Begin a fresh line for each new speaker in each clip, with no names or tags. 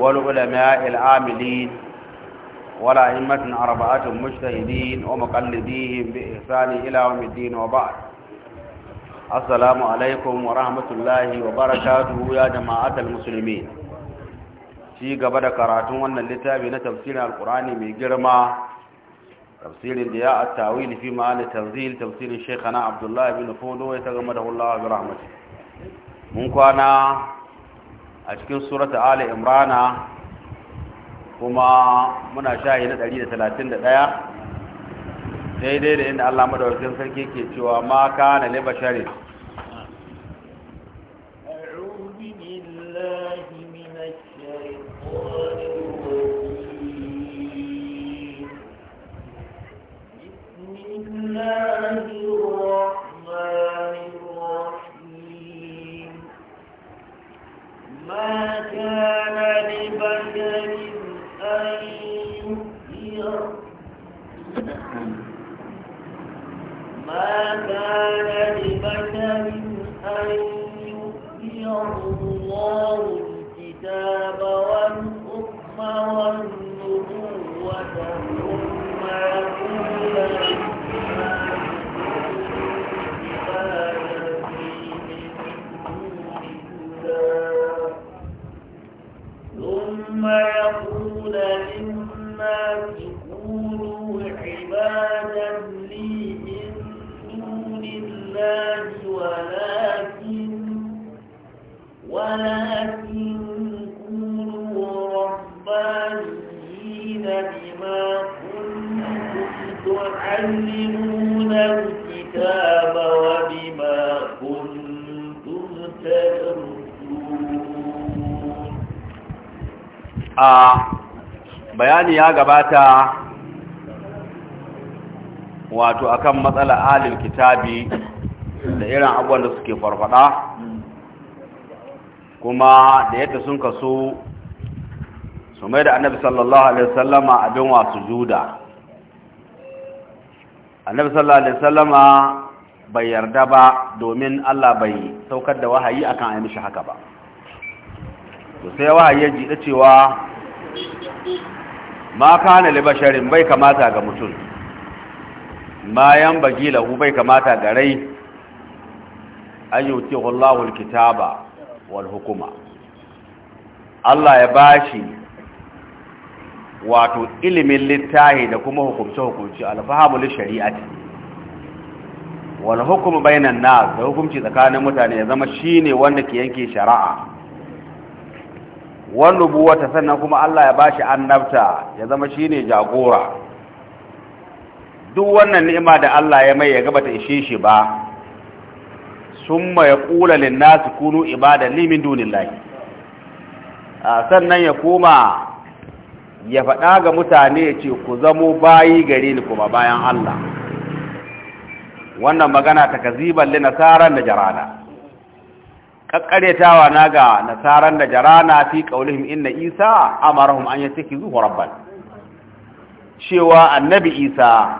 والعلماء العاملين والأئمة أربعة مجتهدين ومقلديهم بإحسان إلى يوم الدين وبعد السلام عليكم ورحمة الله وبركاته يا جماعة المسلمين في قبل كراتون وأن اللتابي تفسير القرآن من جرمى تفسير الدياء التاويل في معنى تنزيل تفسير الشيخنا عبد الله بن فودو يتغمده الله برحمته من كنا a cikin surata ali imrana kuma muna shahi na 131 daidai da inda Allah madaukakin sarki ke cewa ma kana li gabata wato akan matsala alil kitabi da irin abubuwan da suke farfada kuma da yadda sun kaso su mai da annabi sallallahu alaihi wasallama abin wasu juda annabi sallallahu alaihi wasallama bai yarda ba domin Allah bai saukar da wahayi akan ayi mishi haka ba to sai wahayi ya ji cewa ma kana li basharin bai kamata ga mutum ma yan bagi lahu bai kamata ga rai an yuti alkitaba wal hukuma Allah ya bashi wato ilimin littahi da kuma hukumce hukunci alfahamu li shari'ati wal hukmu bainan nas da hukunci tsakanin mutane ya zama shine wanda ke yanke shari'a wannan ta sannan kuma Allah ya bashi annabta ya zama shine jagora duk wannan ni'ima da Allah ya mai ya gaba ta ishe shi ba summa ya kula nasi kunu ibada li min dunillahi sannan ya koma ya faɗa ga mutane ya ce ku zamo bayi gare ni kuma bayan Allah wannan magana ta kaziban nasaran da jarada kakkaretawa na ga nasaran da jarana fi kaulihim inna isa amarahum an yatakizu rabban cewa annabi isa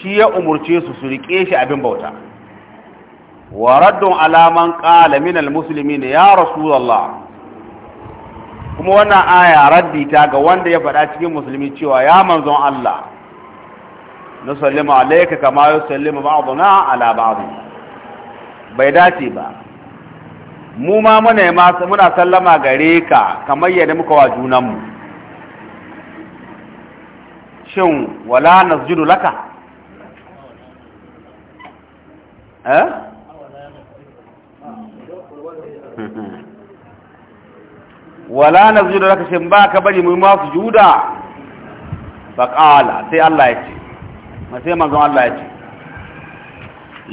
shi ya umurce su su rike shi abin bauta wa raddu ala man qala min muslimin ya rasulullah kuma wannan aya raddi ta ga wanda ya faɗa cikin musulmi cewa ya manzon Allah Na nusallima alayka kama yusallimu ba'duna ala ba'd bai dace ba mu ma muna masu muna sallama gare ka kamar yadda muka wa junanmu shin wala nasjudu laka eh wala nasjudu laka shin ba ka bari mu yi masu juda faƙala sai Allah ya ce sai mazan Allah ya ce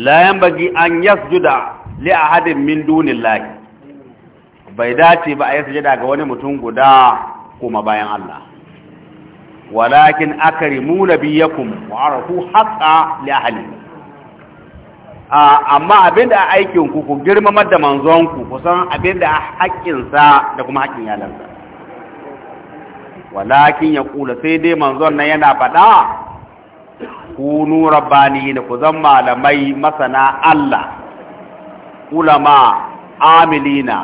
la yan bagi an yasjuda li ahadin min dunillahi bai dace ba a yi sujada ga wani mutum guda kuma bayan Allah walakin akrimu nabiyakum wa arfu haqqan li ahli amma abinda aikin ku ku girmama da manzon ku kusan abinda haƙƙin sa da kuma haƙƙin sa walakin ya kula sai dai manzon nan yana faɗa kunu rabbani ku zan malamai masana Allah ulama amilina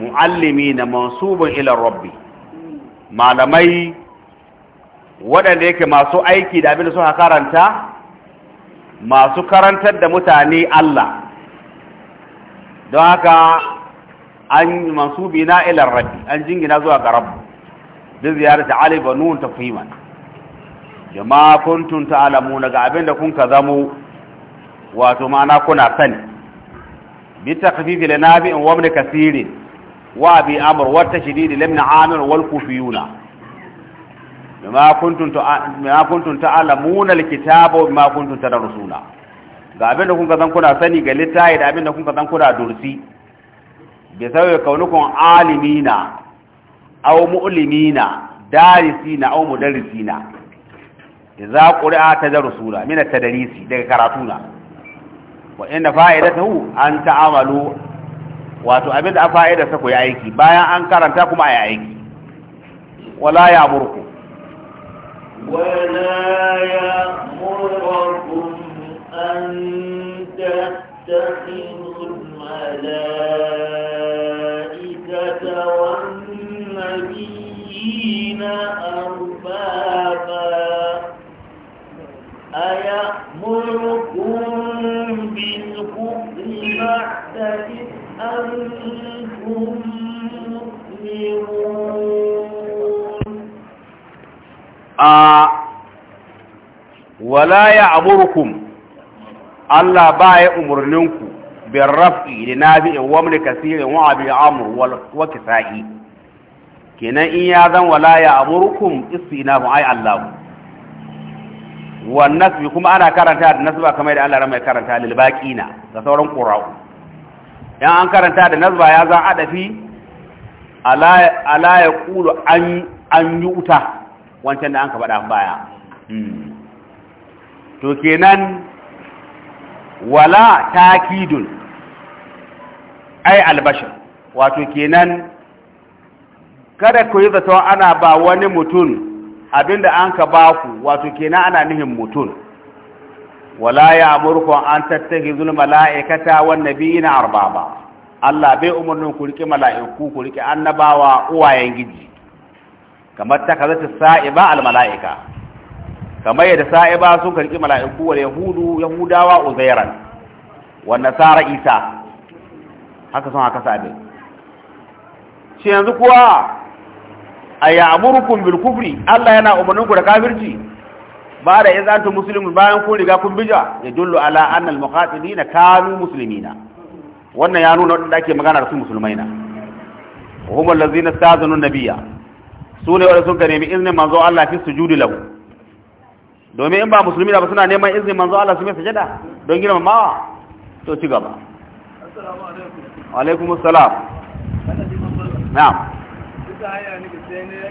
muallimina mansubun ila rabbi malamai waɗanda yake masu aiki da abin da suka karanta masu karantar da mutane Allah don haka an mansubi na rabbi an jingina zuwa ga rabbi bin ziyarar ali alifa nun ta kuntun ta abin da kun ka zamo wato ma'ana kuna sani بتخفيف لنابئ وابن كثير وابي امر والتشديد لابن عامر والكوفيون بما كنتم بما كنتم تعلمون الكتاب وبما كنتم تدرسون ga abin da kun ka kuna sani ga littafi da abin da kun kuna dursi bi sauye kaunukun alimina aw mu'limina darisina aw mudarrisina idza qira'a tadrusuna min at-tadrisi daga karatuna wa inda fa'idatahu an ta'amalu wato abin da fa'ida sa ku yi aiki bayan an karanta kuma ayi aiki wala ya burku
wala ya murkum an tattakhidul malaikata wan nabiyina arbaba Aya murhun bincika ba ta fi hannun mu.
A walayya a murhukum, Allah baya umarninku binrafni ina bi in wamnika, tsire, in wa'ibi in amma, kuma kuma ki saki. in ya zan walayya a murhukum, iska ina mu'ayyar Allah Wannan nasbi kuma ana karanta da nasba kamar yadda Allah ran mai karanta lil baqina da sauran qura'u Idan an karanta da nasba ya za adafi ala ala yaqulu an an yuta wancan da an ka faɗa baya hmm. to kenan wala takidun ai albashir wato kenan kada ku yi zaton ana ba wani mutum abinda an ka baku wato kenan ana nihin mutum wala ya amurkun an tattakhizul mala'ikata wan nabiyina arbaba Allah bai umarnin ku rike mala'iku ku rike annabawa uwayen giji kamar ta ta sa'iba al mala'ika kamar yadda sa'iba sun karki mala'iku wa yahudu yahudawa uzairan wa nasara isa haka sun haka sabe shi yanzu kuwa a ya'murukum bil kufri Allah yana umarnin ku da kafirci ba da yanzu antum muslimun bayan kun riga kun bija ya dullu ala anna al muqatilina kanu muslimina wannan ya nuna wadanda ake magana da su musulmai na wa hum allazina stazanu nabiyya su wanda sun ka nemi iznin manzo Allah fi sujudi lahu domin in ba musulmi ba suna neman iznin manzo Allah su mai sajada don girmamawa to ci gaba assalamu alaikum wa alaikum assalam na'am bisa hanya ne da sai ne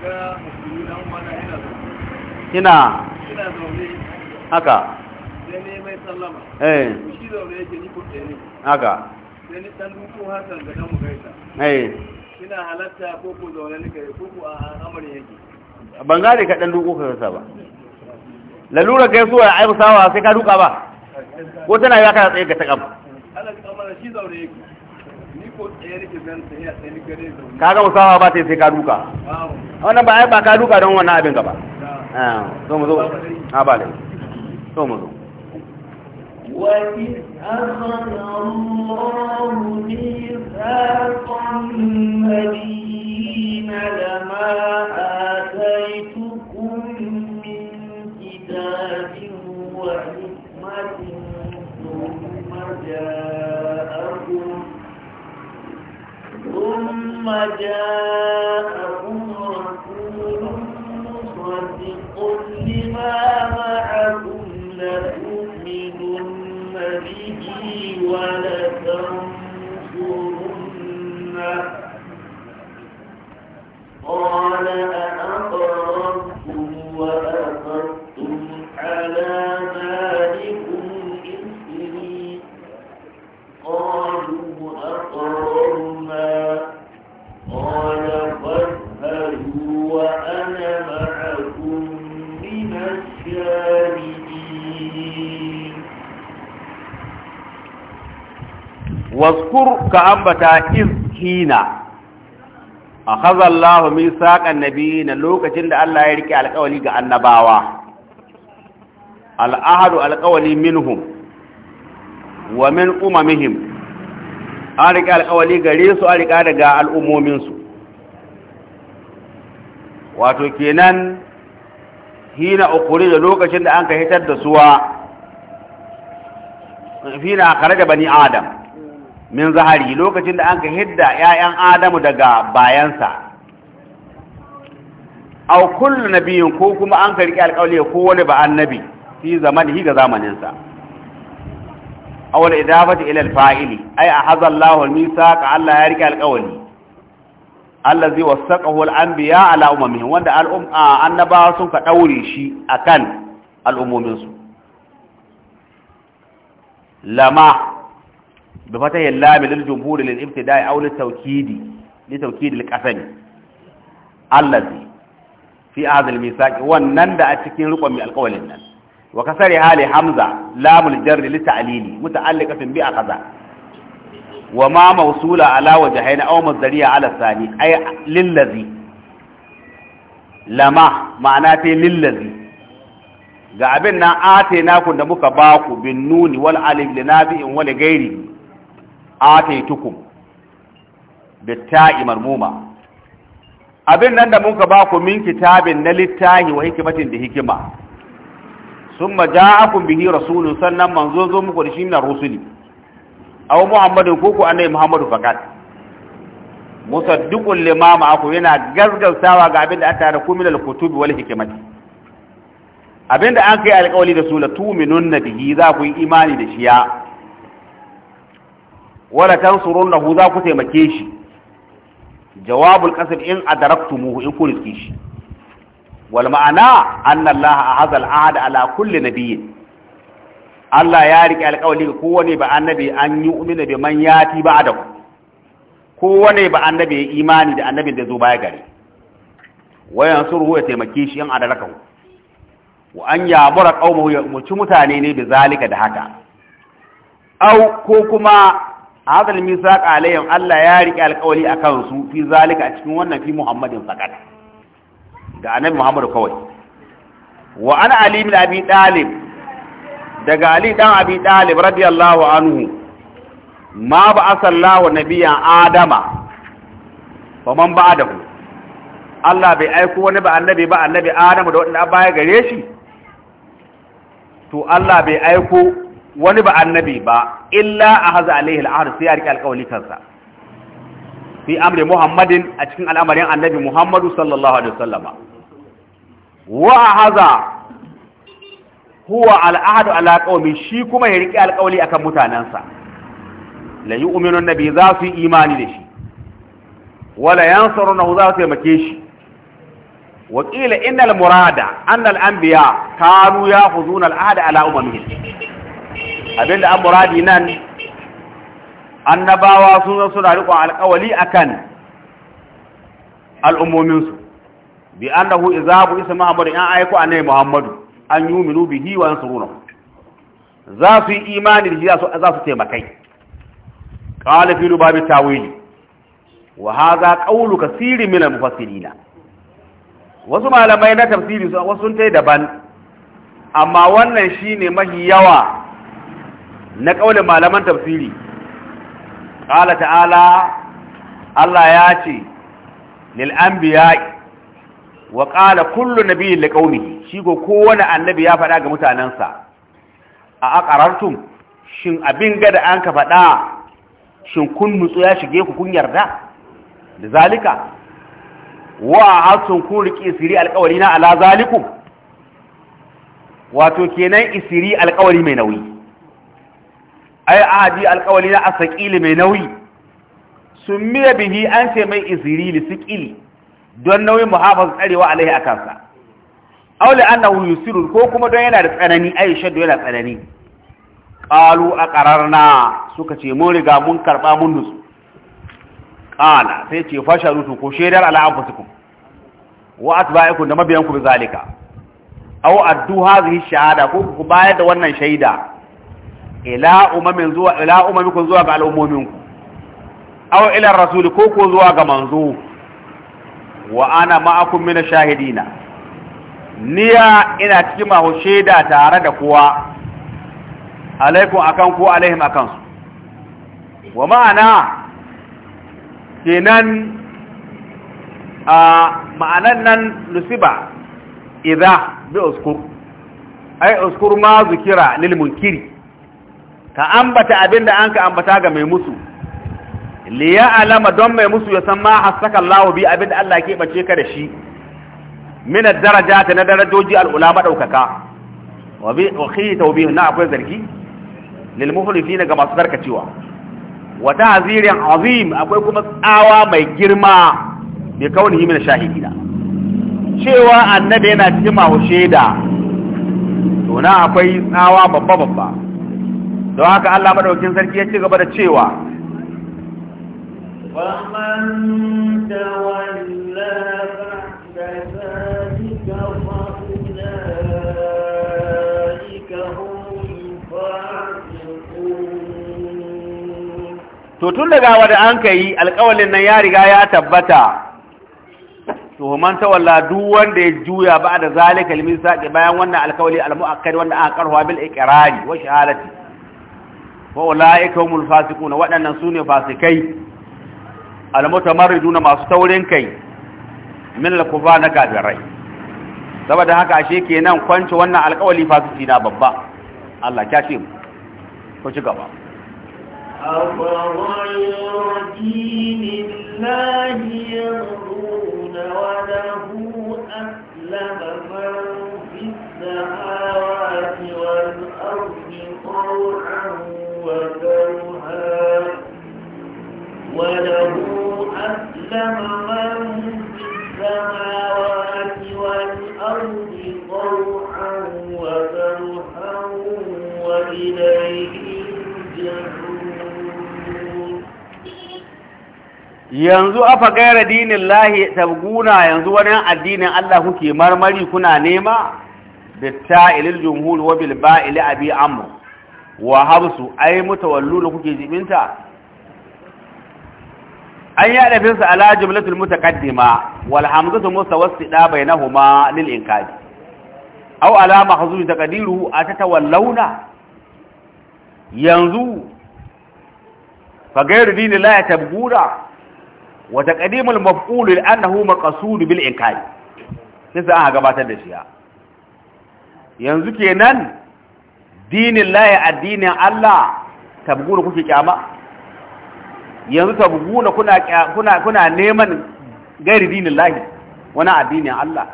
ga musulmi dan wani yana zaune ina ina zaune haka sai ne mai sallama eh shi zaune yake ni kuɗe ne haka sai ne dan duko hakan ga dan mu gaisa eh ina halatta
ko ko zaune ne kai ko ko a amarin yake ban
gane ka dan duko ka rasa ba lalura kai so ya aibu sawa sai ka duka ba ko tana ya kana tsaye ga takam Allah ka mana shi zaune yake kaga musawa ba ta sai ka duka wannan ba ai ba ka duka don wannan abin gaba ah, so mu zo ha ah, ba lai so mu zo
وَإِذْ ثم جاءكم رسول مصدق لما معكم لتؤمنن به ولتنصرن قال أأقررتم وأخذتم على
waskur ka ambata izhina akhadha Allahu mithaqan nabiyina lokacin da Allah ya rike alƙawali ga annabawa al'ahadu alƙawali minhum wa min umamihim an rike alƙawali gare su an daga al'ummominsu wato kenan hina ukuri da lokacin da an ka hitar da suwa fina kare da bani adam min zahari lokacin da an ka hidda ‘ya'yan adamu daga bayansa au kullu nabiyin ko kuma an ka riƙe alƙawli ko wani ba annabi fi zamani ga zamaninsa A awal idafati fa’ili, Ai a hazan Allahu al ka Allah ya riƙe alƙawli allazi zai al-anbiya ala umamihim wanda al um, annabawa sun ka ɗaure shi a kan al’ummominsu. lama بفتح اللام للجمهور للابتداء أو للتوكيد لتوكيد القسم الذي في هذا الميثاق ونن دا أتكين رقم من القول النن وكسرها لحمزة لام الجر للتعليل متعلقة بأخذ وما موصولة على وجهين أو مصدرية على الثاني أي للذي لما معناته للذي ga abin na ate naku da muka baku bin nuni wal alif li nabi'in wal ghairi ataitukum bitta'i marmuma abin nan da muka ba ku min kitabin na littahi wa hikimatin da hikima summa ja'akum bihi rasulun sannan manzo zo muku da shi na rusuli aw muhammadu ko ku annabi muhammadu fakat musaddiqul lima ma'akum yana gazgaztawa ga abin da aka tare ku min al-kutubi wal hikimati abin da an kai alƙawari da su la tu'minun bihi za ku yi imani da shi ya wala tansurunnahu za ku taimake shi jawabul qasr in adaraktumuhu in ku shi wal ma'ana anna a hazal al-ahd ala kulli nabiyyin Allah ya rike alƙawari ga kowane ba annabi an yi umina bi man yati ba adam kowane ba annabi ya imani da annabin da zo baya gare wayan surhu ya taimake shi in adalaka wa an mura qaumahu ya umarci mutane ne bi zalika da haka au ko kuma hadal misaq alayhim Allah ya rike alƙawari akan su fi zalika a cikin wannan fi Muhammadin fakat ga annabi Muhammad kawai wa ana ali bin abi talib daga ali dan abi talib radiyallahu anhu ma ba asallahu nabiyyan adama wa man ba'dahu Allah bai aiko wani ba annabi ba annabi Adamu da wanda baya gare shi to Allah bai aiko wani ba annabi ba illa a haza alaihi al'ahar sai ya riƙe alƙawali kansa fi amri muhammadin a cikin al'amarin annabi muhammadu sallallahu alaihi wasallama wa haza huwa al'ahadu ala qaumi shi kuma ya riƙe alƙawali akan mutanansa la yu'minu nabi za su yi imani da shi wala yansurunahu za su taimake shi wa qila innal murada anna al anbiya kanu ya'khuduna al ahda ala umamihim abinda an muradi nan annabawa sun zan suna riƙon alƙawali akan al'ummominsu bi annahu izabu isa muhammadu yan aiko annabi muhammadu an yuminu bihi su yansuruna za su yi imani da za su taimakai qala fi babu tawili wa hadha qawlu kaseerin min al wasu malamai na tafsiri wasu sun taidaban. daban amma wannan shine mahi yawa na kaulin malaman tafsiri qala ta'ala Allah ya ce lil anbiya wa qala kullu nabiy li qaumihi shi go kowane annabi ya faɗa ga mutanansa a aqarartum shin abin ga an ka faɗa shin kun nutsu ya shige ku kun yarda da zalika wa hasun kun riki isiri alƙawari na ala zalikum wato kenan isiri alkawari mai nauyi ai ahadi alkawali na asakili mai nauyi summiya bihi an ce mai li sikili don nauyin muhafaz tsarewa alaihi a aw aule annahu yusiru ko kuma don yana da tsanani ai shaddu yana tsanani qalu aqararna suka ce mun riga mun karba mun nutsu qala sai ce fasharutu ko shaidar ala anfusikum wa atba'ikum da mabiyanku bi zalika aw addu hadhihi shahada ko ku bayar da wannan shaida ila umamin zuwa ila zuwa ga al'ummominku? ku aw ila rasul ko ko zuwa ga manzo wa ana ma'akum min shahidina niya ina cikin mahu shaida tare da kowa alaikum akan ko alaihim akan su wa ma'ana kenan a ma'anan nan nusiba idha bi uskur ay uskur ma zikira lil munkiri ka ambata abin da an ka ambata ga mai musu liya alama don mai musu ya san ma hasaka Allah bi abinda Allah ke bace ka da shi min darajat na darajoji ulama daukaka wa bi akhi tawbih na akwai zargi lil muhlifina ga masu karkacewa wa ta'zirin azim akwai kuma tsawa mai girma bi kaunihi min shahidina cewa annabi yana cikin mahushe da. to na akwai tsawa babba babba don haka Allah madaukakin sarki ya ci gaba da cewa to tun daga wanda an kai alƙawalin nan ya riga ya tabbata to man tawalla duk wanda ya juya ba da zalika limin da bayan wannan alƙawali almu'akkad wanda aka karwa bil iqrari wa shahadati wa ulaika fasiku fasiqun waɗannan sune fasikai almutamarriduna masu taurin kai min alkufa na kafirai saboda haka ashe ke nan kwance wannan alƙawali fasiki na babba Allah ya ce mu ko ci gaba
أَوَغَيْرَ وكرها وله أسلم من في
yanzu afa gaira dinin lahi tabguna yanzu wani addinin Allah kuke marmari kuna nema bitta ilil jumhur wa bil ba'ili abi amr wa habsu ai mutawallu da kuke jiminta? an ya adafin sa ala jumlatul mutaqaddima wal hamzatu mutawassida bainahuma lil inkari aw ala mahzuz taqdiru atatawallawna yanzu fa dini la yatabgura wa taqdimul maf'ul annahu maqsud bil inkari sai an gabatar da shi yanzu kenan dinin laye addinin Allah tabguna kuke kyama yanzu tabguna kuna kuna kuna neman gairi dinin lahi wani addinin Allah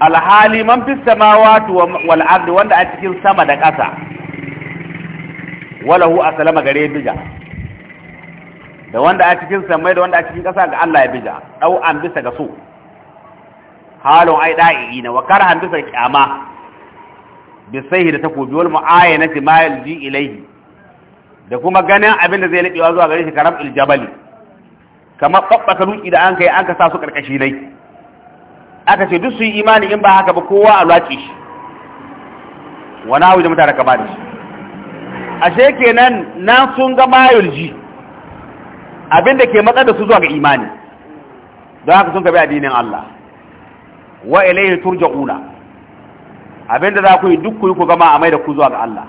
alhali man fi samawati wal ardi wanda a cikin sama da ƙasa walahu aslama gare bija da wanda a cikin samai da wanda a cikin ƙasa ga Allah ya bija dau an bisa ga so halon ai da'i ne wa karhan bisa kyama bisaihi da takobi wal mu'ayyanati ma yalji ilayhi da kuma ganin abin da zai nadewa zuwa gare shi karam iljabali kamar babbaka duki da an kai an ka sa su karkashi nai aka ce duk su yi imani in ba haka ba kowa a lwaki shi wani hawi da mutane ka da shi ashe kenan nan sun ga mayulji abin da ke matsar da su zuwa ga imani don haka sun kabi addinin Allah wa ilayhi turja'una abinda za ku yi duk ku yi ku gama a mai da ku zuwa ga Allah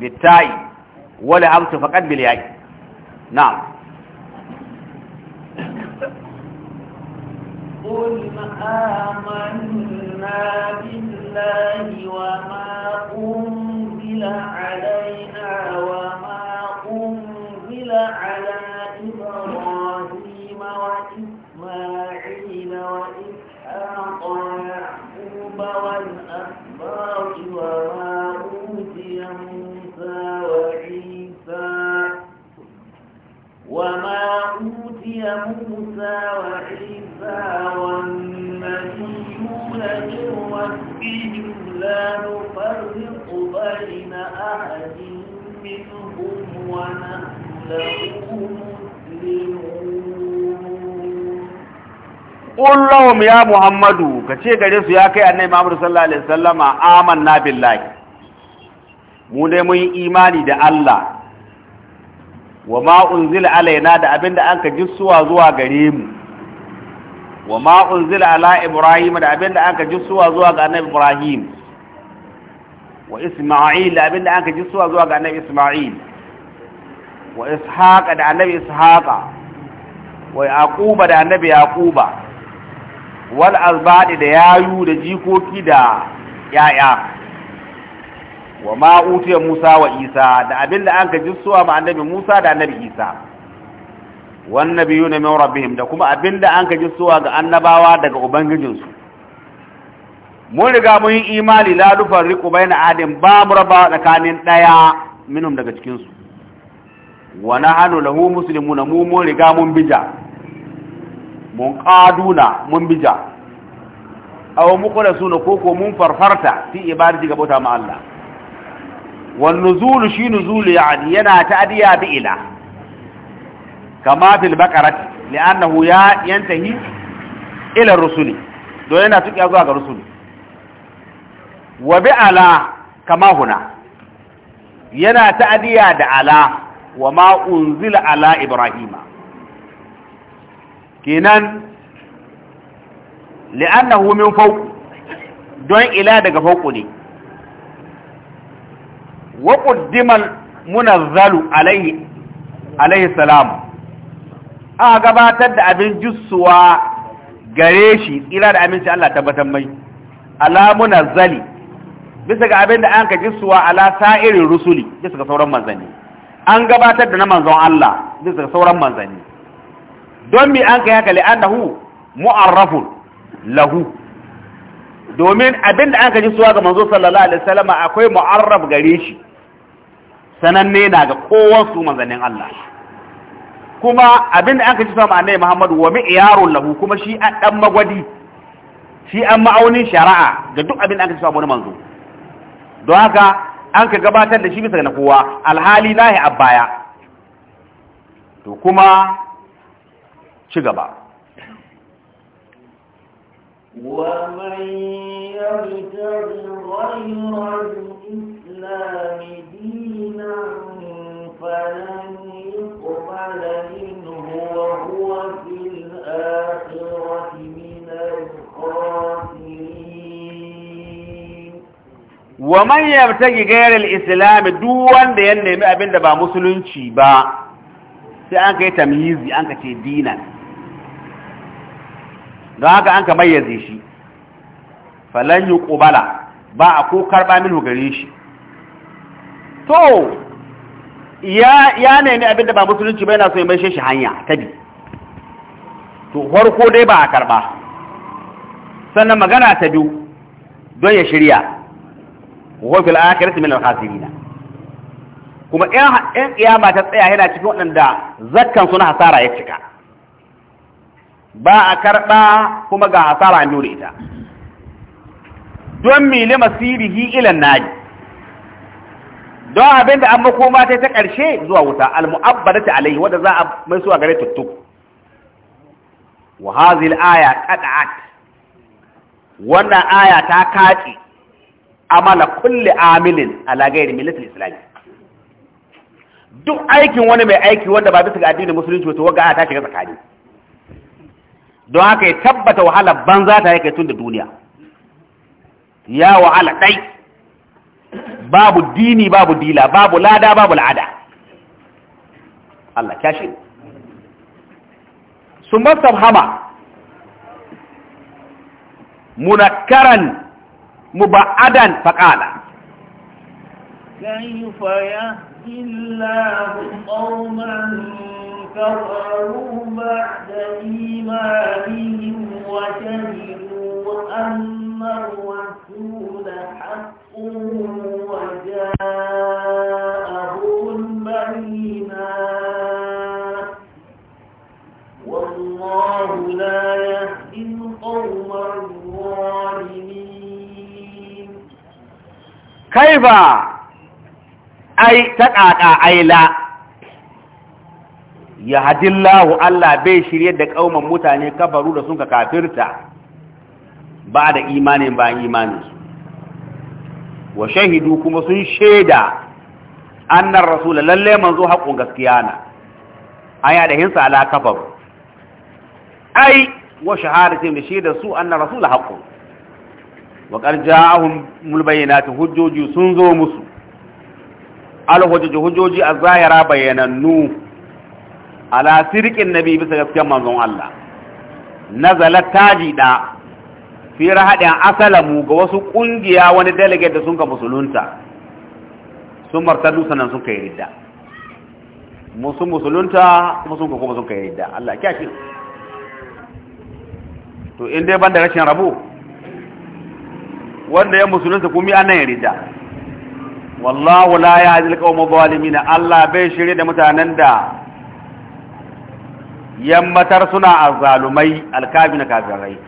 bitai wala amsu faqad bil yaqi na'am
قل آمنا بالله وما أنزل علينا وما أنزل على إبراهيم وإسماعيل وإسحاق ويعقوب والأسباط الله وما أوتي موسى وعيسى وما أوتي موسى وعيسى والنبيون من ربهم لا نفرق بين أحد منهم ونحن له مسلمون
ƙullahum ya muhammadu ka ce gare su ya kai annai muhammadu sallallahu alaihi wasallama amanna billahi mu ne mun yi imani da Allah wa ma zila alaina da abinda ji suwa zuwa gare mu wa ma zila ala ibrahim da abinda ji suwa zuwa ga annai ibrahim wa isma'il da abinda ji suwa zuwa ga annai isma'il wa ishaƙa da annabi ishaƙa wa yaƙuba da annabi yaƙuba wal azbadi da yayu da jikoki da yaya wa ma utiya Musa wa Isa da abin da an ka jissuwa ma annabi Musa da annabi Isa wan nabiyuna min rabbihim da kuma abin da an ka jissuwa ga annabawa daga ubangijinsu mun riga mun yi imani la nufarriqu baina adam ba mu raba tsakanin daya minum daga cikin su wa nahanu lahu muslimuna mu mun riga mun bija Mun ƙaduna mun bija aw suna koko mun farfarta fi ibadati ga bauta ma Allah wan nuzul shi Zulu yani yana ta'diya bi ila kama fil baqarati li'annahu ya yantahi ila rusuli do yana tuki zuwa ga rusuli wa bi ala kama huna yana ta'diya da ala wa ma unzila ala ibrahima kenan li'annahu min fawq don ila daga fawq ne wa qaddima munazzalu alayhi alayhi salam a gabatar da abin jussuwa gare shi tsira da aminci Allah tabbatar mai ala munazzali bisa ga abin da an ka jisuwa ala sa'irin rusuli bisa ga sauran manzanni an gabatar da na manzon Allah bisa ga sauran manzanni don mi an kai haka li'annahu mu'arrafun lahu domin abinda an kaji suwa ga manzo sallallahu alaihi wasallam akwai mu'arraf gare shi sananne na ga kowan su manzannin Allah kuma abinda an kaji suwa ma annabi Muhammad wa mi'yarun lahu kuma shi an dan magwadi shi an ma'aunin shari'a ga duk abinda an kaji suwa manzo don haka an ka gabatar da shi bisa ga kowa alhali nahi abbaya to kuma ci gaba
ومن يبتغ غير الإسلام دينا فلن يقبل منه وهو في الآخرة من الخاسرين
ومن يبتغ غير الإسلام دون da ya nemi abin da ba musulunci ba sai an kai tamyizi an kace dinan don haka an ka mayyaze shi falan yi ƙubala ba a ko karɓa min hukari shi to ya nemi abin da ba musulunci ba yana so ya mai shi hanya ta bi to farko dai ba a karɓa sannan magana ta biyu don ya shirya a kira su min al na. kuma ƴan ƙiyama ta tsaya yana cikin waɗanda zakkan suna hasara ya cika ba a karɓa kuma ga hasara an biyo da ita don mili masirihi ilan naji don abin da an makoma ta ta ƙarshe zuwa wuta al-mu'abbada ta alaihi wadda za a mai suwa gare tuttu wa hazil aya qad'at wannan aya ta kaci amala kulli amilin ala ghairi millati islam duk aikin wani mai aiki wanda ba bisa ga addinin musulunci to waga aya ta shiga tsakani don haka ya tabbata wahala banza ta yake tun da duniya ya wahala dai, babu dini babu dila babu lada babu al'ada Allah kyashi sun ba sabhama munakkaran muba'adan faqala
kayfa yahdi Allahu qauman كفروا بعد إيمانهم وشهدوا أن الرسول حق وجاءه البينات والله لا يهدي القوم الظالمين
كيف أي تقاطع أي لا ya hadillahu Allah bai shirye da kauman mutane kafaru da sun ka kafirta ba da imanin bayan imaninsu wa shahidu kuma sun shaida annar rasul lalle manzo haƙon gaskiya na an yada hinsa ala kafaru ai wa shahadatin da shaida su annar rasul haƙon wa ƙarja'ahun mulbayyanatu hujjoji sun zo musu alhujjoji hujjoji a zahira bayyanannu ala sirkin nabi bisa gaskiyar manzon Allah nazalat tajida fi rahadin asalamu ga wasu kungiya wani delegate da sun ka musulunta sun marta sannan sun kai ridda musu musulunta musu ka kuma sun kai ridda Allah kya ce to in dai ban da rashin rabo wanda ya musulunta kuma annan ya ridda wallahu la ya'zil qawma zalimin Allah bai shirye da mutanen da yammatar suna zalumai alkabi na kafirai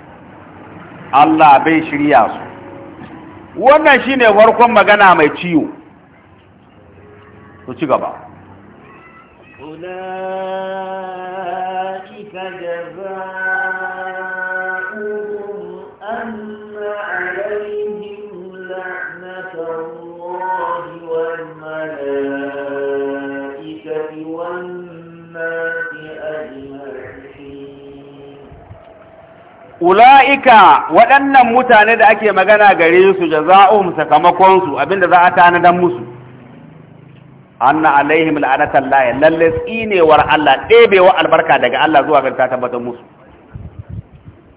Allah bai shirya su wannan shi ne farkon magana mai ciwo Su ci gaba ula'ika waɗannan mutane da ake magana gare su jaza'uhum sakamakonsu abinda za a dan musu anna alaihim la'anatan la lalle tsinewar Allah ɗebewa albarka daga Allah zuwa ga ta tabbatar musu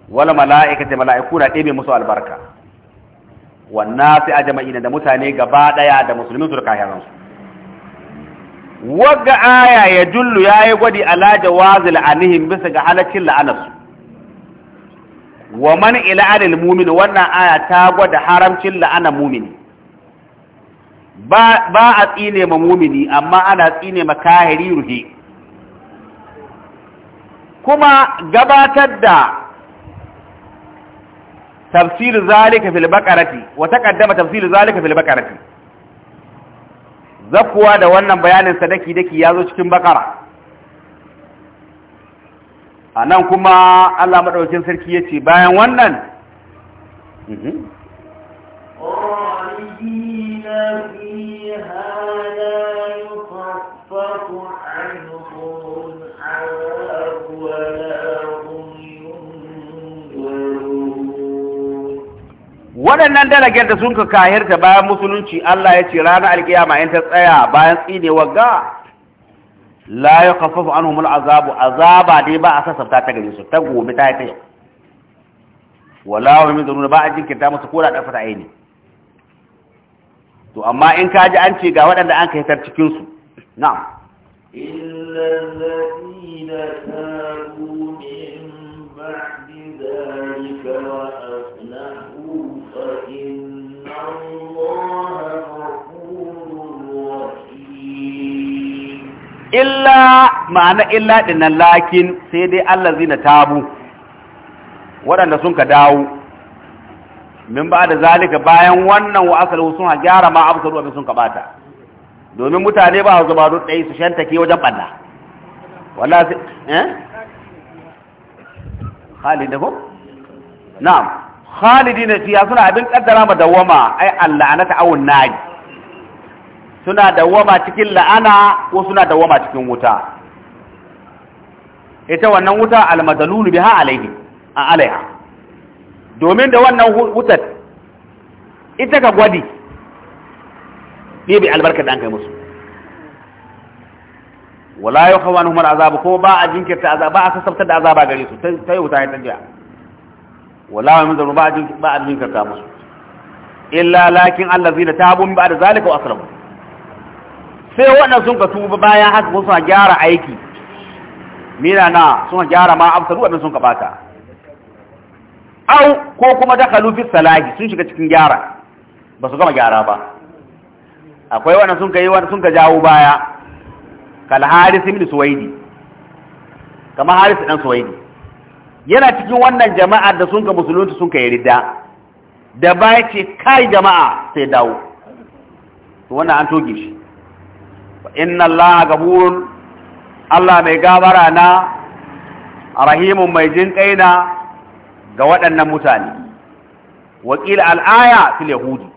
wala mala'ikati mala'iku na ɗebe musu albarka wannan sai ajma'ina da mutane gaba daya da musulmin su da kafiran su wagga aya ya jullu yayi gwadi ala jawazil anihim bisa ga halaccin la'anarsu wa man ila'anil mumin wannan aya ta gwada haramcin la'ana mumini ba a tsine ma mumini amma ana tsine ma kahiri ruhi kuma gabatar da tafsir zalika fil baqarati wa taqaddama tafsir zalika fil baqarati da wannan bayanin sadaki daki yazo cikin bakara a nan kuma Allah maɗaukin sarki ya ce bayan wannan mhm, waɗannan dalagar da sun ka kahirta bayan musulunci Allah ya ce ranar alkiyama in ta tsaya bayan tsinewar ga la yukhaffafu anhum al'azabu azaba dai ba a sassafta ta gare su ta gobe ta ta yau wala hum yadruna ba a jinkirta musu ko da dafa ta aini to amma in ka ji ga waɗanda an kai tar cikin su na'am
illa alladhina tabu min ba'di dhalika wa aslahu fa inna
illa ma'ana illa dinnan lakin sai dai Allah zina tabu waɗanda sun ka dawo min ba da zalika bayan wannan wa asalu sun gyara ma abu saruwa sun ka bata domin mutane ba su zubaru ɗaya su ke wajen ɓanna wala sai eh halin da ko na'am khalidina fiya suna abin kaddara ma dawama ai Allah anata awun nari suna dawwama cikin la'ana ko suna dawwama cikin wuta ita wannan wuta almadalulu biha alaihi a alaiha domin da wannan wutar ita ka gwadi ne bi albarka da an kai musu wala yakhawanuhum al'azab ko ba a jinkirta azaba ba a kasabtar da azaba gare su Ta sai wuta ya tajiya wala wa min ba a jinkirta musu illa lakin allazina tabu min ba'da zalika wa aslamu sai waɗanda sun ka tuba bayan haka ko suna gyara aiki mina na suna gyara ma absaru waɗanda sun ka bata au ko kuma dakalu fi salahi sun shiga cikin gyara ba su gama gyara ba akwai waɗanda sun ka yi waɗanda sun ka jawo baya kal haris mini suwaidi kama harisu dan suwaidi yana cikin wannan jama'a da sun ka musulunci sun ka yi ridda da baya ce kai jama'a sai dawo to wannan an toge shi inna ga burin, Allah mai gabara na rahimun mai jin ga waɗannan mutane wakil al'aya fil yahudi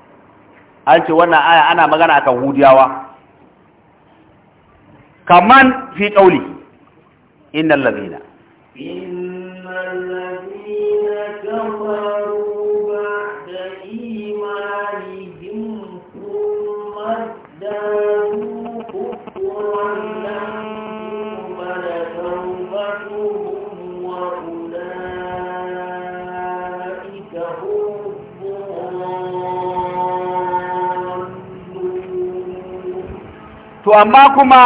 an ce wannan aya ana magana akan hudiyawa kaman fi ƙauli innal ladina to amma kuma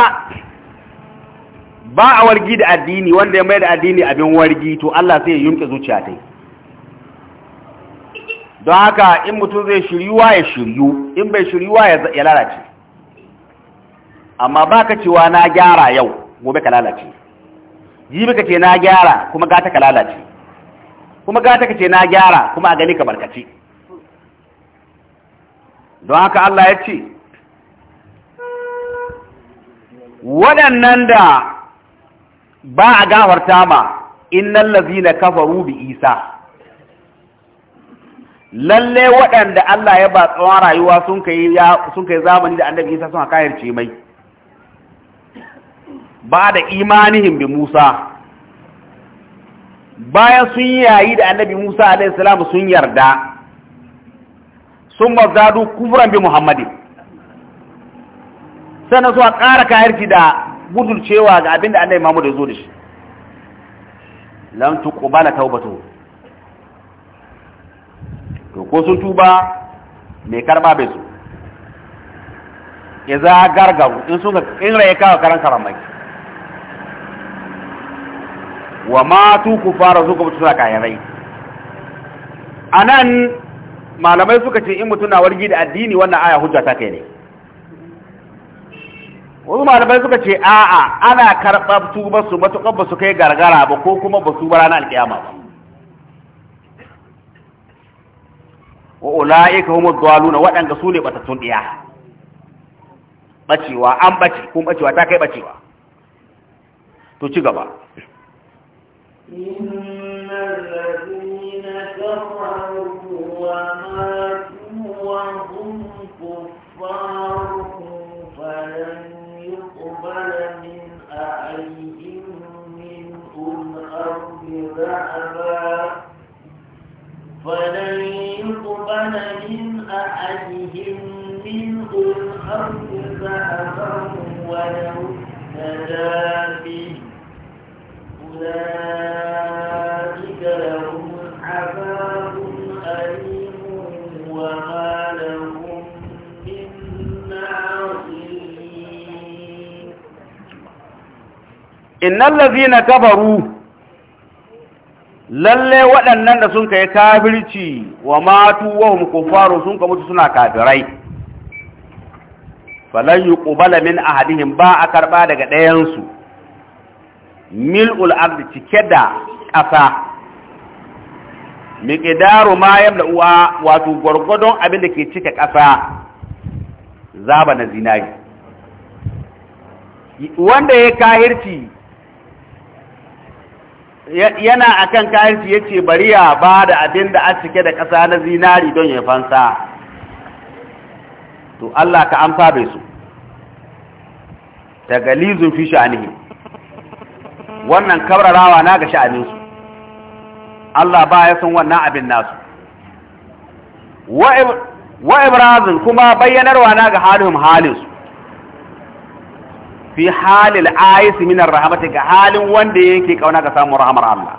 ba a wargi da addini wanda ya mai da addini abin wargi to Allah sai ya yunke zuciya ta don haka in mutum zai shiryuwa ya shiryu in bai shiryuwa ya lalace amma ba ka cewa na gyara yau gobe ka lalace jibi ka ce na gyara kuma gata ka lalace kuma gata ka ce na gyara kuma a gani ka barkaci don haka Allah ya ce waɗannan da ba a gafarta ma innan na kafaru bi isa lalle waɗanda Allah ya ba tsawon rayuwa sun kai zamani da annabi isa sun suna kayarce mai ba da imanihin bi musa bayan sun yayi da annabi musa alaihi sun yarda sun mazadu kufuran bi muhammadin sannan zuwa ƙara kayarci da cewa ga abinda annai mamu da zo da shi lam tuqbala taubato. to ko sun tuba mai karba bai su ya za gargaru in sun in raye kawo karan karamai wa ma ku fara su ku tuna kayarai nan malamai suka ce in mutuna wargi da addini wannan aya hujja ta kai ne wasu malamai suka ce a'a ana karɓar tuba su matuƙar ba su kai gargara ba ko kuma ba su barana alƙiyama ba wa ula'ika humu dwaluna waɗanda su ne batattun ɗiya bacewa an bace kuma bacewa ta kai bacewa to ci gaba
innal ladina kafaru wa يقبل من أعيهم منهم أو بذعبا فلن يقبل من أحدهم منهم أرض ذهبا ولو
innal ladzina kafaru lalle waɗannan da sun kai kafirci wa matu wa hum sun ka mutu suna kafirai falan yuqbala min ahadihim ba a karba daga ɗayansu. mil'ul ard cike da ƙasa miƙidaru ma yamla uwa wato gwargwadon abin da ke cike ƙasa zaba na zinari wanda ya kahirci yana akan ya ce bari ya ba da abin da a cike da ƙasa na zinari don ya fansa to Allah ka amfa bai su tagalizun fi sha'anihi wannan kabrarawa na ga sha'aninsu su Allah ba ya san wannan abin nasu wa ibrazin kuma bayyanarwa na ga halin halinsu fi halil ayis minar rahmati ga halin wanda yake kauna ga samun rahmar Allah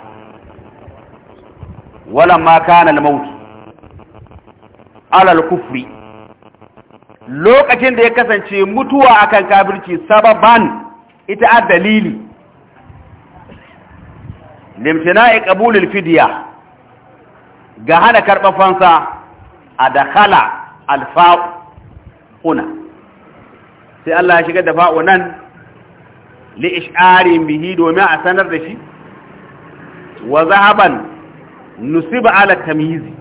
wala ma kana al-maut alal kufri lokacin da ya kasance mutuwa akan kafirci sababan ita a dalili limtina'i al fidya ga hana karbafansa fansa a dakhala alfa'una sai Allah ya shiga da fa'u nan li isharin bihi domin a sanar da shi wa zahaban nusiba ala tamyizi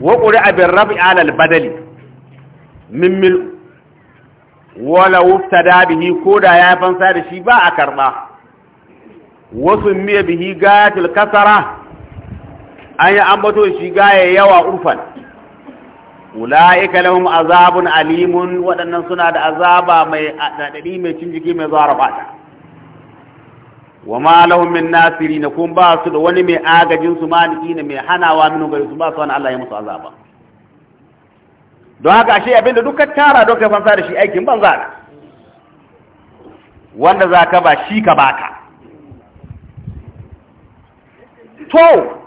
wa qur'a bir rabi ala al badali min mil wala wuftada bihi koda ya fansa da shi ba a karba wasu miya bihi gayatul kasara an yi ambato shi gaya yawa urfan ula'ika lahum azabun alimun waɗannan suna da azaba mai daɗaɗi mai cin jiki mai zuwa fata wa ma lahum min nasiri na kun ba su da wani mai agajin su maliki ne mai hanawa minu gari su ba su wani Allah ya musu azaba don haka ashe abinda dukkan tara don kai fansa da shi aikin banza da wanda za ka ba shi ka baka to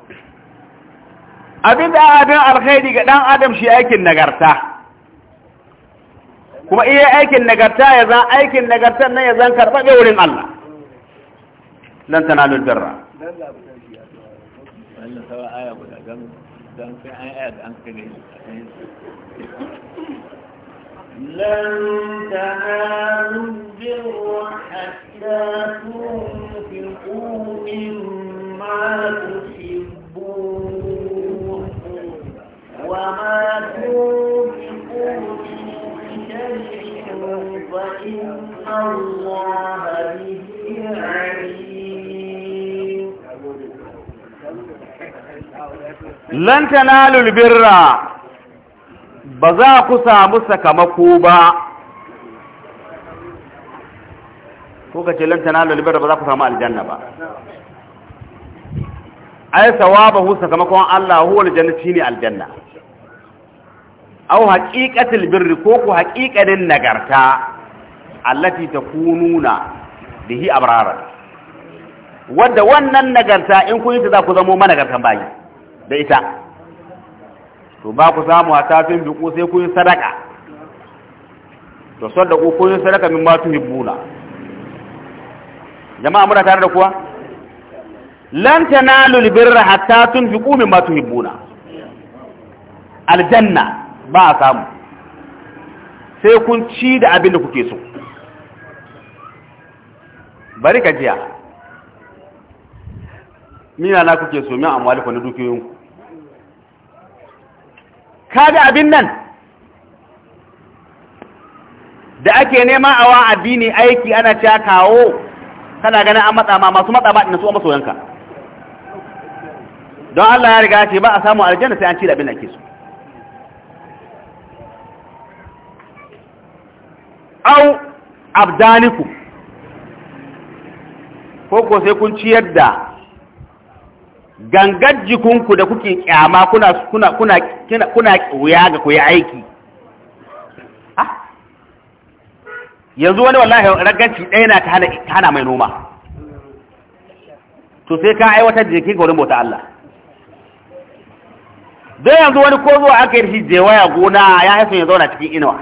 abin da abin alkhairi ga ɗan adam shi aikin nagarta kuma iya aikin nagarta ya zan aikin nagartar nan ya zan karɓaɓe wurin Allah lan tanalu birra
لن تنالوا البر حتى تنفقوا مما الله به
لن تنالوا البر ba za ku samu sakamako ba ko ka ce lantana lalibar ba za ku samu aljanna ba ai sawabahu sakamakon Allah huwa aljannati ne aljanna aw haqiqatul birri ko ku haqiqanin nagarta allati takununa bihi abrara wadda wannan nagarta in kun yi ta za ku zamo managartan bayi da ita to ba ku samu a tafin biku sai kun yi sadaka to sadaka kun yi sadaka min ma tuhibbuna jama'a muna tare da kuwa lan tanalu albirra hatta tunfiqu mimma tuhibbuna aljanna ba a samu sai kun ci da abin da kuke so bari ka jiya mina na kuke so min amwali na dukiyoyinku kaga abin nan da ake nema a wa addini aiki ana cewa kawo kana ganin an matsa ma masu matsa ba ina su masoyanka don Allah ya riga ce ba a samu aljanna sai an ci da abin da ake so au abdaniku ko ko sai kun ciyar da gangar jikunku da kuke kyama kuna kuna kuna kuna kuna wuya ga ku yi aiki yanzu wani wallahi raganci ɗaya na ta hana mai noma to sai ka aiwatar da jikinka wurin bauta Allah don yanzu wani ko zuwa aka yi shi jewaya gona ya haifin ya zauna cikin inuwa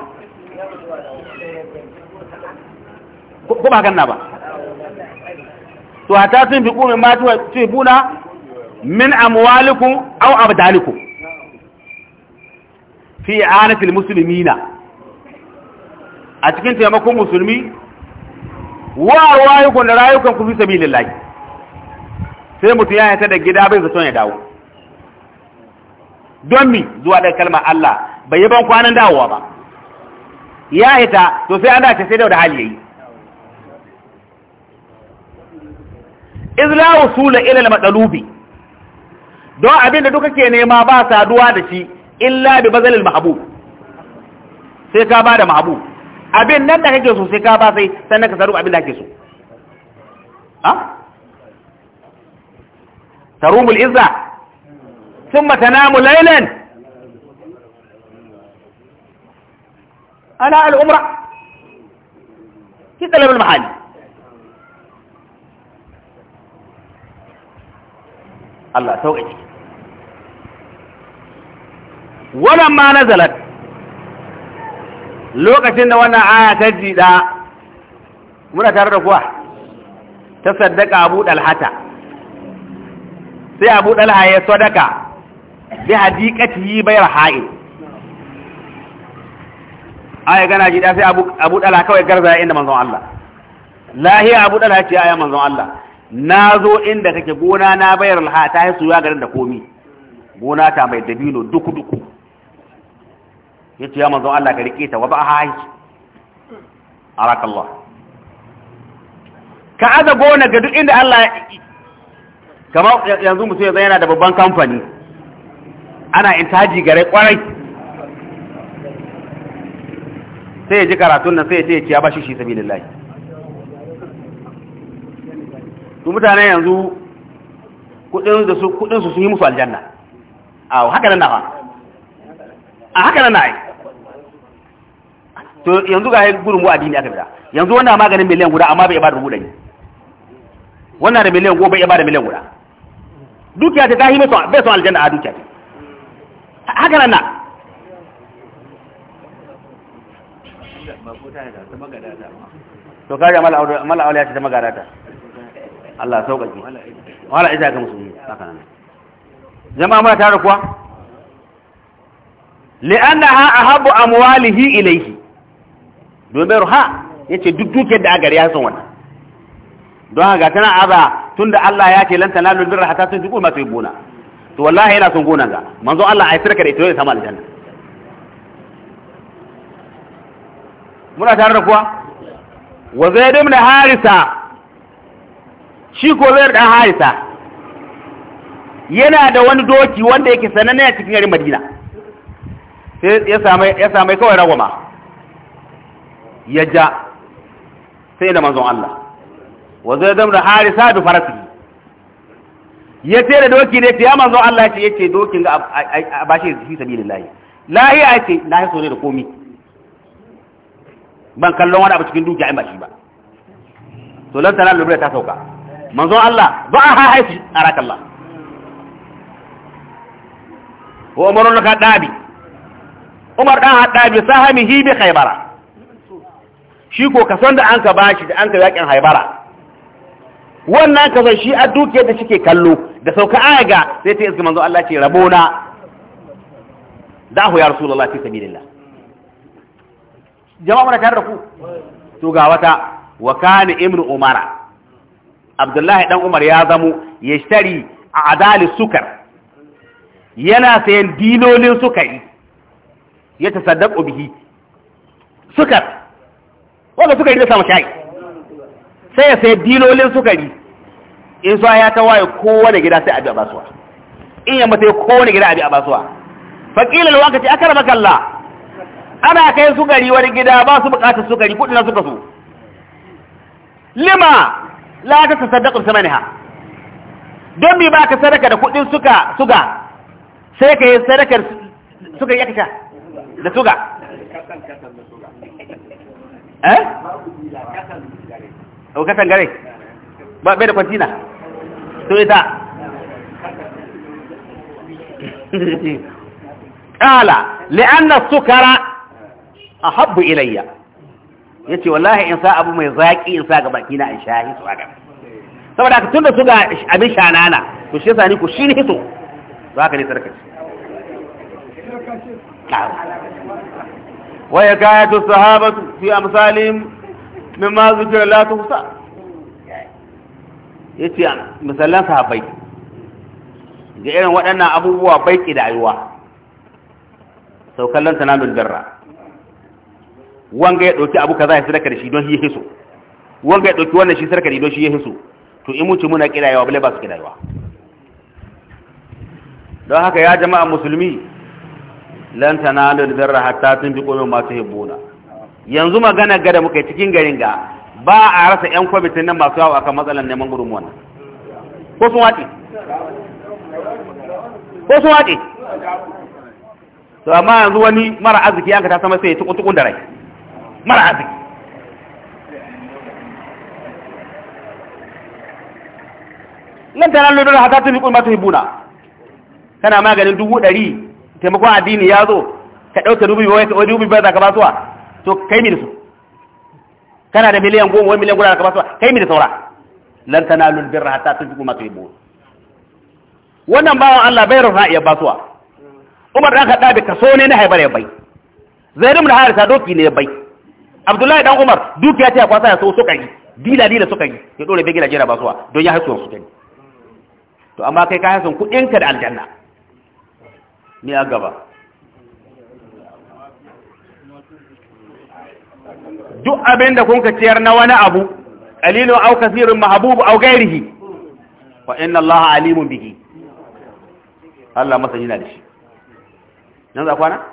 ko ba ganna ba to ata tun fi kuma ma buna min amwalikum aw abdalikum fi anatil muslimina a cikin taimakon musulmi wa rayukan da rayukan ku fi sabilillahi sai mutum ya yanta da gida bai zato ya dawo don mi zuwa da kalmar Allah bai yi ban kwanan dawowa ba ya hita to sai an dace sai da hali yayi إذ لا وصول إلى المطلوب دو أبين دوكا كي نيما باسا دوا دشي إلا ببذل المحبوب سيكا بادا محبوب أبين ننكا كيسو سيكا باسي سنكا سروب أبين لا كيسو ها تروم الإذة ثم تنام ليلا أنا الأمرأ كي طلب المحالي Allah sauƙaƙe wannan ma na zalat, lokacin da wannan aya ta jiɗa, muna tare da kuwa ta saddaka abu ɗalhata, sai abu ɗalha ya sadaka bi hadiqatihi bayar ha'il aya gana jiɗa sai abu ɗalha kawai garza inda manzon Allah lahiya abu ɗalha ce aya manzon Allah na zo inda kake gona na bayar alha ta yi suya garin da komi gona ta mai dabino duku duku ya ce ya manzon Allah ka rike ta wa ba a haiki arakallah ka aza gona ga duk inda Allah kamar yanzu mutum yanzu yana da babban kamfani ana intaji gare kwarai sai ya ji karatun nan sai ya ce ya ba shi shi sabi lillahi to mutane yanzu kudin da su kudin su sun yi musu aljanna a haka nan na fa a haka nan na yi to yanzu ga gudun mu addini aka bida yanzu wannan maganin miliyan guda amma bai ba da yi ɗari wannan da miliyan goma bai ba da miliyan guda dukiya ta tahi bai son aljanna a dukiya ta haka nan na to kaji mala ya ce ta magarata Allah sauƙaƙe wala ita ga musulmi haka nan jama'a ma tare kuwa li'annaha ahabbu amwalihi ilayhi domin ruha yace duk dukiyar da agari ya san wannan don haka tana aza tunda Allah ya ce lan tanalu birra hatta tunfiqu ma tuhibbuna to wallahi yana son gonan ga manzo Allah ai sirka da ita ya samu aljanna muna tare da kuwa wa zaid ibn harisa shi ko zai dan harisa yana da wani doki wanda yake sananne a cikin garin madina sai ya same ya kawai ragwama ya ja sai da manzon Allah wa zai da harisa da farasi ya ce da doki ne ta ya manzon Allah ce dokin ga da shi fi sabilillahi lahi a ce na haso ne da komi ban kallon wani abu cikin dukiya in ba shi ba to lantana tana lura ta sauka manzon Allah ba a ha haifi arakallah wa umarun ka dabi umar ɗan dan haddabi sahamihi bi khaybara shi ko kason da an ka bashi da an ka yakin haibara wannan kason shi a dukiyar da shike kallo da sauka ayaga sai ta iska manzo Allah ce rabona dahu ya rasulullah fi sabilillah jama'a muna tare da ku to ga wata wa kana imru umara abdullahi dan umar ya zamo ya shari a adalin sukar yana sayan dilolin sukari ya tasaddaqu bihi sukar wanda sukari da samu shayi sai ya sayan dilolin sukari in suwa ya tawaye kowane gida sai abi a basuwa in yamma sai kowane gida abi a basuwa faqila lokaci akarba kalla ana kai sukari wani gida ba su bukatar sukari kudina na suka so lima la ta tasaddaqu samaniha don me baka sadaka da kudin suka suga sai ka yi sadakar suka yaka da suga eh o katan gare ba bai da kwantina to ita قال li'anna sukara ahabbu ilayya. ya ce wallahi in sa abu mai zaƙi in sa ga baki na in sha hiso haka saboda ka tunda su ga abin shanana to shi sani ni ku shi ne hiso za ka ne sarkaci waya kaya to sahaba fi amsalin min ma zikira la ya yace misalan sahabai ga irin waɗannan abubuwa bai sau saukallan tanalul birra wanga ya dauki abu kaza ya sadaka da shi don shi hisu wanga ya dauki wannan shi sadaka da don shi hisu to in wuce muna kirayewa bale ba su kirayewa don haka ya jama'a musulmi lan tanalu birra hatta tunfiqu mimma tuhibbuna yanzu magana ga da muka yi cikin garin ga ba a rasa yan kwamitin nan masu yawo akan matsalan neman gudunmuwan ko sun wace ko sun wace? to amma yanzu wani mara arziki an ka ta sama sai ya tukun da rai mara arziki lan tana lulura hata tuni kuma ta buna kana maganin dubu ɗari taimakon addini ya zo ka ɗauka dubu biyu wai dubu biyu za ka basuwa to kai mi da su kana da miliyan goma wai miliyan goma za ka basuwa kai mi da saura lan tana lulura hata tuni kuma ta buna wannan bawan Allah bai rufa iya basuwa Umar da aka ɗabe kaso ne na haibar ya bai Zainab da Harisa doki ne ya bai abdullahi dan umar dukiya ta kwasa ya so suka yi dila dila suka yi ya bai gina jira ba suwa don ya hasu su gani to amma kai kayan sun kudin ka da aljanna ni a gaba duk abin da kun ka ciyar na wani abu qalilun aw kathirun mahbub au gairihi fa inna allaha alimun bihi Allah masani na da shi nan za kwana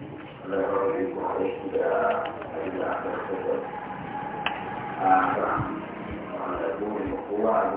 لا يرضيك عليك إلى أحمد الحجر أعلم
أن أكون مقوى